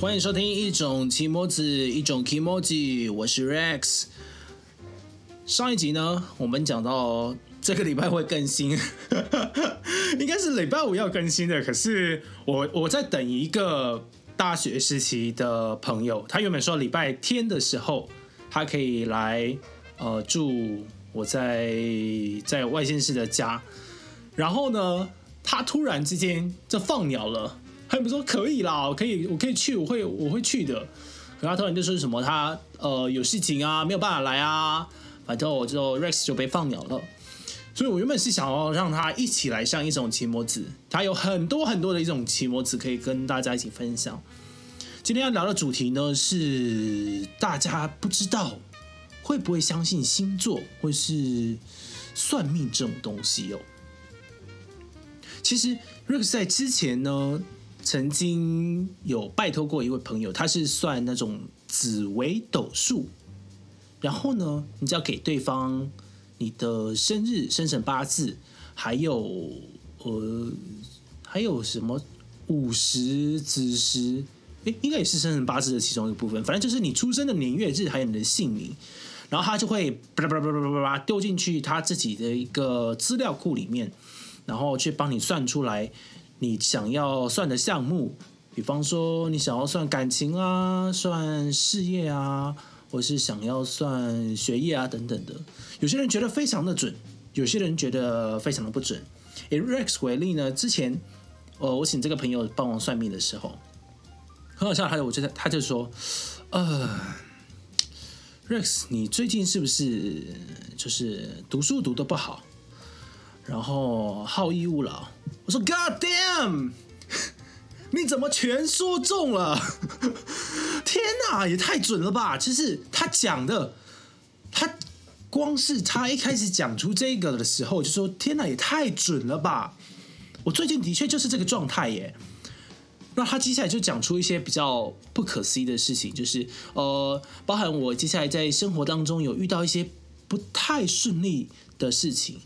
歡迎收聽一種奇摩子一種奇摩子我是 Rex。上一集呢，我們講到這個禮拜會更新， 應該是禮拜五要更新的。可是我我在等一個大學時期的朋友，他原本說禮拜天的時候，他可以來呃住我在在外縣市的家，然後呢，他突然之間就放鳥了。他們說可以啦，我可以，我可以去，我會，我會去的。可，他突然就說什麼，他呃有事情啊，沒有辦法來啊。反正我就 Rex 就被放鳥了。所以我原本是想要讓他一起來上一種奇摩子，他有很多很多的一種奇摩子可以跟大家一起分享。今天要聊的主題呢，是大家不知道會不會相信星座或是算命這種東西哦。其實 Rex 在之前呢。曾經有拜託過一位朋友，他是算那種紫微斗數。然後呢，你只要給對方你的生日、生辰八字，還有呃，還有什麼午時、子時，誒，應該也是生辰八字的其中一個部分。反正就是你出生的年月日還有你的姓名，然後他就會叭叭叭叭叭叭丟進去他自己的一個資料庫裡面，然後去幫你算出來。你想要算的項目，比方說你想要算感情啊，算事業啊，或是想要算學業啊等等的。有些人覺得非常的準，有些人覺得非常的不準。以、欸、Rex 為例呢，之前，我，我請這個朋友幫我算命的時候，很好笑的，他就我他就說，呃，Rex，你最近是不是就是讀書讀的不好？然後好逸惡勞，我說 God damn，你怎麼全說中了？天哪，也太準了吧！就是他講的，他光是他一開始講出這個的時候，就說天哪，也太準了吧！我最近的確就是這個狀態耶。那他接下來就講出一些比較不可思議的事情，就是呃，包含我接下來在生活當中有遇到一些不太順利的事情。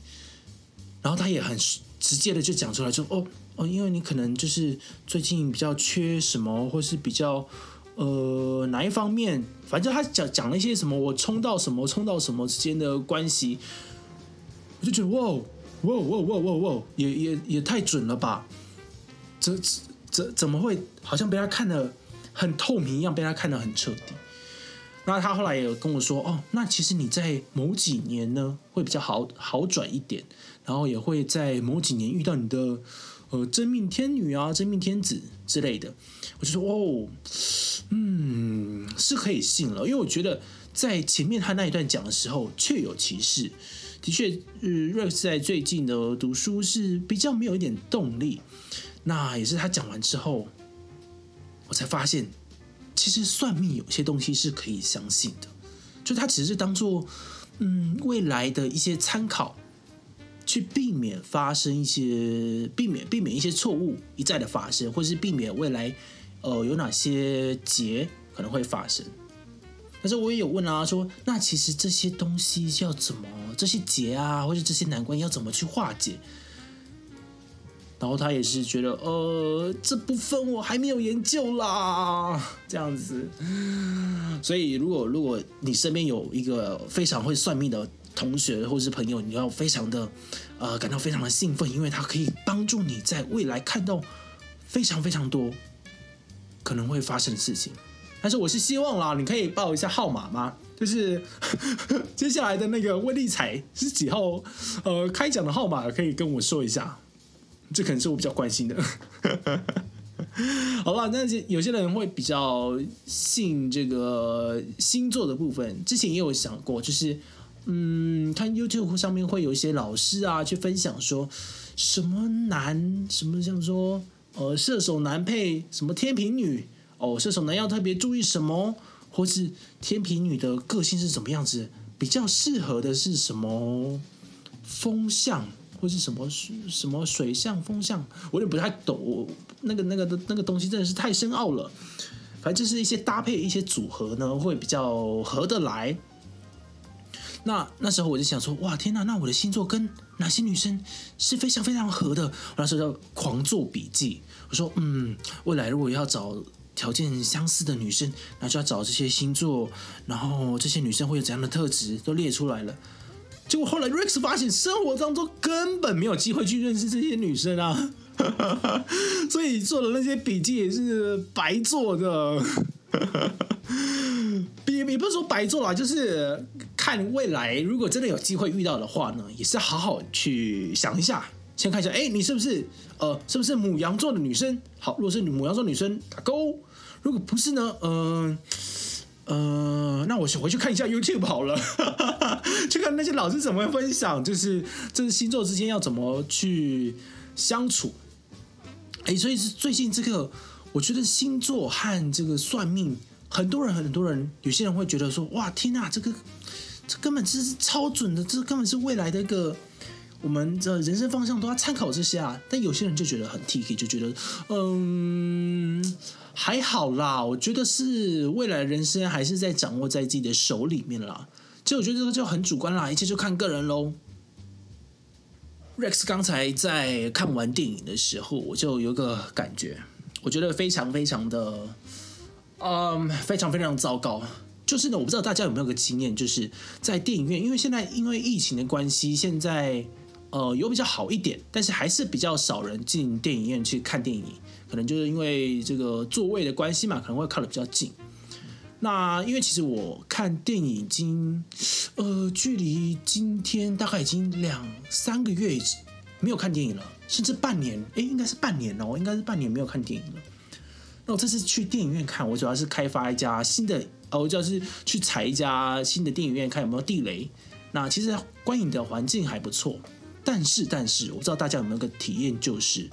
然後他也很直接的就講出來就，就哦哦，因為你可能就是最近比較缺什麼，或是比較呃哪一方面，反正他講講了一些什麼，我衝到什麼，衝到什麼之間的關係，我就覺得哇哇哇哇哇哇，也也也太準了吧？這這怎怎麼會好像被他看得很透明一樣，被他看得很徹底？那他後來也跟我說，哦，那其實你在某幾年呢會比較好好轉一點，然後也會在某幾年遇到你的呃真命天女啊、真命天子之類的。我就說，哦，嗯，是可以信了，因為我覺得在前面他那一段講的時候確有其事，的確，呃，瑞克在最近呢讀書是比較沒有一點動力，那也是他講完之後，我才發現。其實算命，有些東西是可以相信的，就它其實是當做，嗯，未來的一些參考，去避免發生一些避免避免一些錯誤一再的發生，或是避免未來，呃，有哪些劫可能會發生。但是我也有問啊，說那其實這些東西要怎麼，這些劫啊，或者這些難關要怎麼去化解？然後他也是覺得，呃，這部分我還沒有研究啦，這樣子。所以，如果如果你身邊有一個非常會算命的同學或是朋友，你要非常的，呃，感到非常的興奮，因為他可以幫助你在未來看到非常非常多可能會發生的事情。但是，我是希望啦，你可以報一下號碼嗎？就是呵呵接下來的那個威力彩是幾號？呃，開獎的號碼可以跟我說一下。這可能是我比較關心的。 好了，那有些人會比較信這個星座的部分。之前也有想過，就是嗯，看 YouTube 上面會有一些老師啊，去分享說什麼男什麼，像說呃射手男配什麼天秤女，哦射手男要特別注意什麼，或是天秤女的個性是什麼樣子，比較適合的是什麼風向。或是什麼什麼水象風象，我也不太懂。那個那個那個東西真的是太深奧了。反正就是一些搭配、一些組合呢，會比較合得來。那那時候我就想說，哇，天哪、啊！那我的星座跟哪些女生是非常非常合的？那時候就要狂做筆記。我說，嗯，未來如果要找條件相似的女生，那就要找這些星座。然後這些女生會有怎樣的特質，都列出來了。結果後來，Rex 發現生活當中根本沒有機會去認識這些女生啊，所以做的那些筆記也是白做的。比比不是說白做了，就是看未來，如果真的有機會遇到的話呢，也是好好去想一下，先看一下，哎、欸，你是不是呃，是不是牡羊座的女生？好，如果是牡羊座女生，打勾；如果不是呢，嗯、呃。我想回去看一下 YouTube 好了，去 看那些老師怎麼會分享，就是這個星座之間要怎麼去相處。哎、欸，所以是最近這個，我覺得星座和這個算命，很多人很多人，有些人會覺得說，哇，天吶、啊，這個這根本就是超準的，這根本是未來的一個。我們的人生方向都要參考這些啊，但有些人就覺得很 Tiky，就覺得嗯還好啦。我覺得是未來人生還是在掌握在自己的手裡面啦。其實我覺得這個就很主觀啦，一切就看個人嘍。Rex 剛才在看完電影的時候，我就有個感覺，我覺得非常非常的，嗯，非常非常糟糕。就是呢，我不知道大家有沒有個經驗，就是在電影院，因為現在因為疫情的關係，現在。呃，有比較好一點，但是還是比較少人進電影院去看電影，可能就是因為這個座位的關係嘛，可能會靠得比較近。那因為其實我看電影已經，呃，距離今天大概已經兩三個月沒有看電影了，甚至半年，哎、欸，應該是半年了我，喔，應該是半年沒有看電影了。那我這次去電影院看，我主要是開發一家新的，呃，啊，我主要是去踩一家新的電影院，看有沒有地雷。那其實觀影的環境還不錯。但是，但是，我不知道大家有沒有一個體驗，就是，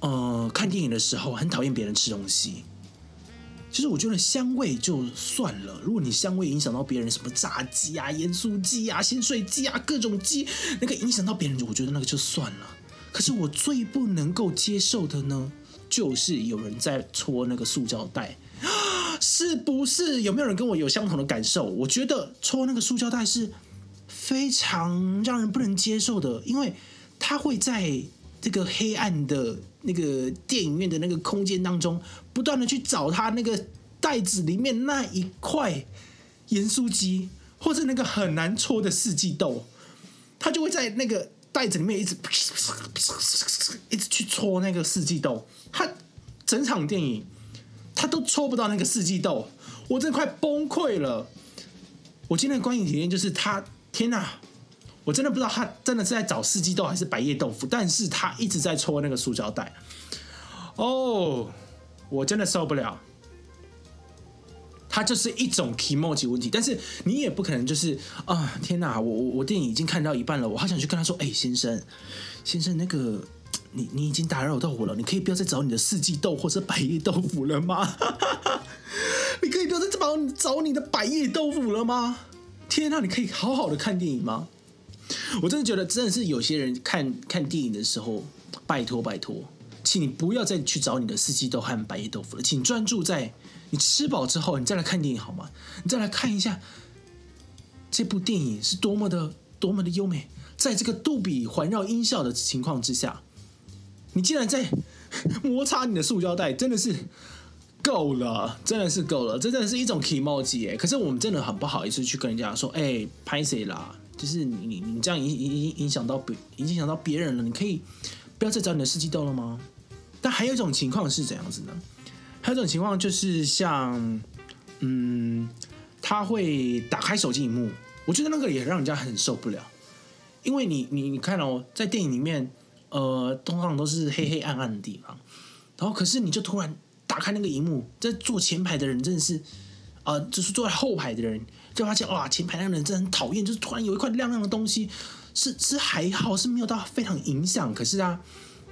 呃，看電影的時候很討厭別人吃東西。其實我覺得香味就算了，如果你香味影響到別人，什麼炸雞啊、鹽酥雞啊、鹹水雞啊，各種雞，那個影響到別人，我覺得那個就算了。可是我最不能夠接受的呢，就是有人在搓那個塑膠袋，是不是？有沒有人跟我有相同的感受？我覺得搓那個塑膠袋是。非常讓人不能接受的，因為他會在這個黑暗的那個電影院的那個空間當中，不斷的去找他那個袋子裡面那一塊鹽酥雞，或是那個很難戳的四季豆，他就會在那個袋子裡面一直噗噗噗噗噗噗噗一直去戳那個四季豆，他整場電影他都戳不到那個四季豆，我真快崩潰了。我今天的觀影體驗就是他。天哪，我真的不知道他真的是在找四季豆還是百頁豆腐，但是他一直在戳那個塑膠袋。哦、oh,，我真的受不了。他就是一種 kimochi 問題，但是你也不可能就是啊、呃，天哪，我我我電影已經看到一半了，我好想去跟他說，哎、欸，先生，先生，那個你你已經打擾到我了，你可以不要再找你的四季豆或者百頁豆腐了嗎？ 你可以不要再這麼找你的百頁豆腐了嗎？天啊，你可以好好的看電影嗎？我真的覺得，真的是有些人看看電影的時候，拜托拜托，請你不要再去找你的四季豆和百葉豆腐了，請專注在你吃飽之後，你再來看電影好嗎？你再來看一下這部電影是多麼的多麼的優美，在這個杜比環繞音效的情況之下，你竟然在摩擦你的塑膠袋，真的是。夠了，真的是夠了，這真的是一種禮貌欸，可是我們真的很不好意思去跟人家說，哎、欸，拍誰啦？就是你你你這樣影影影影響到別影響到別人了，你可以不要再找你的四季豆了嗎？但還有一種情況是怎樣子呢？還有一種情況就是像，嗯，他會打開手機熒幕，我覺得那個也讓人家很受不了，因為你你你看哦、喔，在電影裡面，呃，通常都是黑黑暗暗的地方，然後可是你就突然。打開那個熒幕在坐前排的人真的是，啊、呃，就是坐在後排的人就發現哇，前排那個人真的很討厭，就是突然有一塊亮亮的東西，是是還好是沒有到非常影響，可是啊，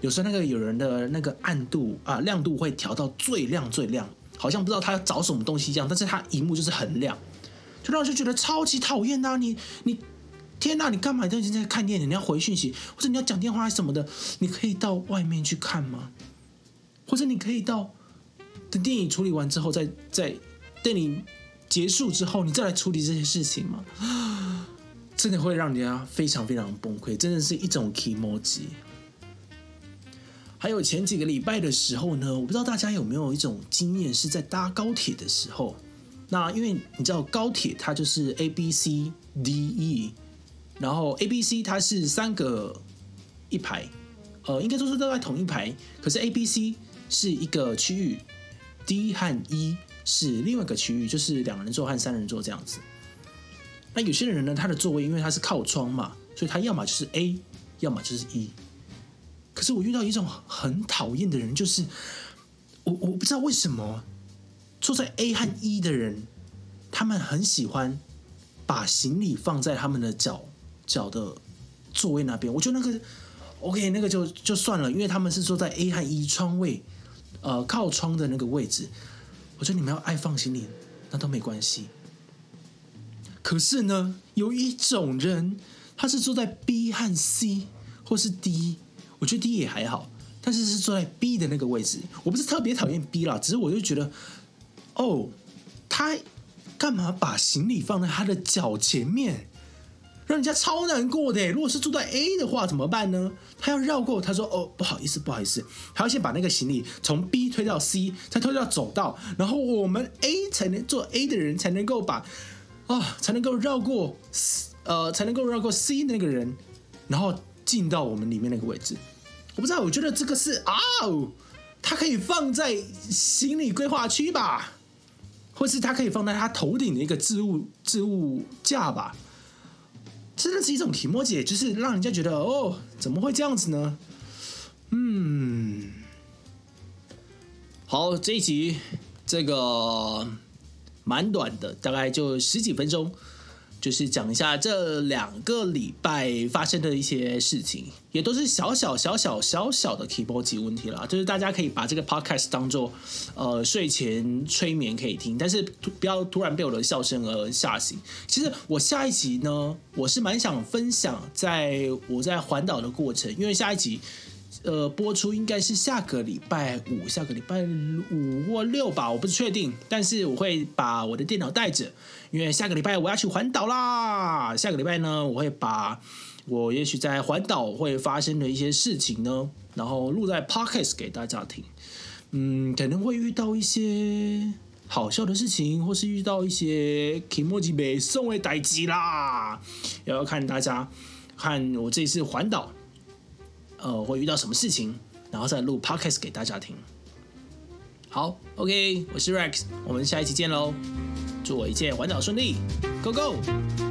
有時候那個有人的那個暗度啊、呃、亮度會調到最亮最亮，好像不知道他要找什麼東西一樣，但是他熒幕就是很亮，就讓人就覺得超級討厭吶。你你天吶，你幹嘛都已經在看電影，你要回訊息或者你要講電話什麼的，你可以到外面去看嗎？或者你可以到？等電影處理完之後，再再電影結束之後，你再來處理這些事情嘛、啊？真的會讓人家非常非常崩潰，真的是一種 kimochi。還有前幾個禮拜的時候呢，我不知道大家有沒有一種經驗，是在搭高鐵的時候，那因為你知道高鐵它就是 A B C D E，然後 A B C 它是三個一排，呃，應該都是都在同一排，可是 A B C 是一個區域。D 和 E 是另外一個區域，就是兩人座和三人座這樣子。那有些人呢，他的座位因為他是靠窗嘛，所以他要麼就是 A，要麼就是 E。可是我遇到一種很討厭的人，就是我我不知道為什麼坐在 A 和 E 的人，他們很喜歡把行李放在他們的腳腳的座位那邊。我覺得那個，OK，那個就就算了，因為他們是坐在 A 和 E 窗位。呃，靠窗的那個位置，我覺得你們要愛放行李，那都沒關係。可是呢，有一種人，他是坐在 B 和 C，或是 D，我覺得 D 也還好，但是是坐在 B 的那個位置，我不是特別討厭 B 啦，只是我就覺得，哦，他幹嘛把行李放在他的腳前面？讓人家超難過的誒。如果是住在 A 的話，怎麼辦呢？他要繞過，他說：“哦，不好意思，不好意思。”還要先把那個行李從 B 推到 C，再推到走道，然後我們 A 才能坐 A 的人才能夠把啊、哦，才能夠繞過呃，才能夠繞過 C 的那個人，然後進到我們裡面那個位置。我不知道，我覺得這個是啊、哦，他可以放在行李規劃區吧，或是他可以放在他頭頂的一個置物置物架吧。真的是一種題目解，就是讓人家覺得哦，怎麼會這樣子呢？嗯。好，這一集這個蠻短的，大概就十幾分鐘。就是講一下這兩個禮拜發生的一些事情，也都是小小小小小小、小的 keyboard 問題啦，就是大家可以把這個 podcast 當做，呃，睡前催眠可以聽，但是不要突然被我的笑聲而嚇醒。其實我下一集呢，我是蠻想分享在我在環島的過程，因為下一集。呃，播出應該是下個禮拜五，下個禮拜五或六吧，我不是確定。但是我會把我的電腦帶着，因為下個禮拜我要去環島啦。下個禮拜呢，我會把我也許在環島會發生的一些事情呢，然後錄在 Podcast 給大家聽。嗯，可能會遇到一些好笑的事情，或是遇到一些題目極北送給待機啦，也要，要看大家看我這次環島。呃，會遇到什麼事情，然後再錄 podcast 給大家聽。好，OK，我是 Rex，我們下一期見嘍，祝我一切環島順利，Go Go！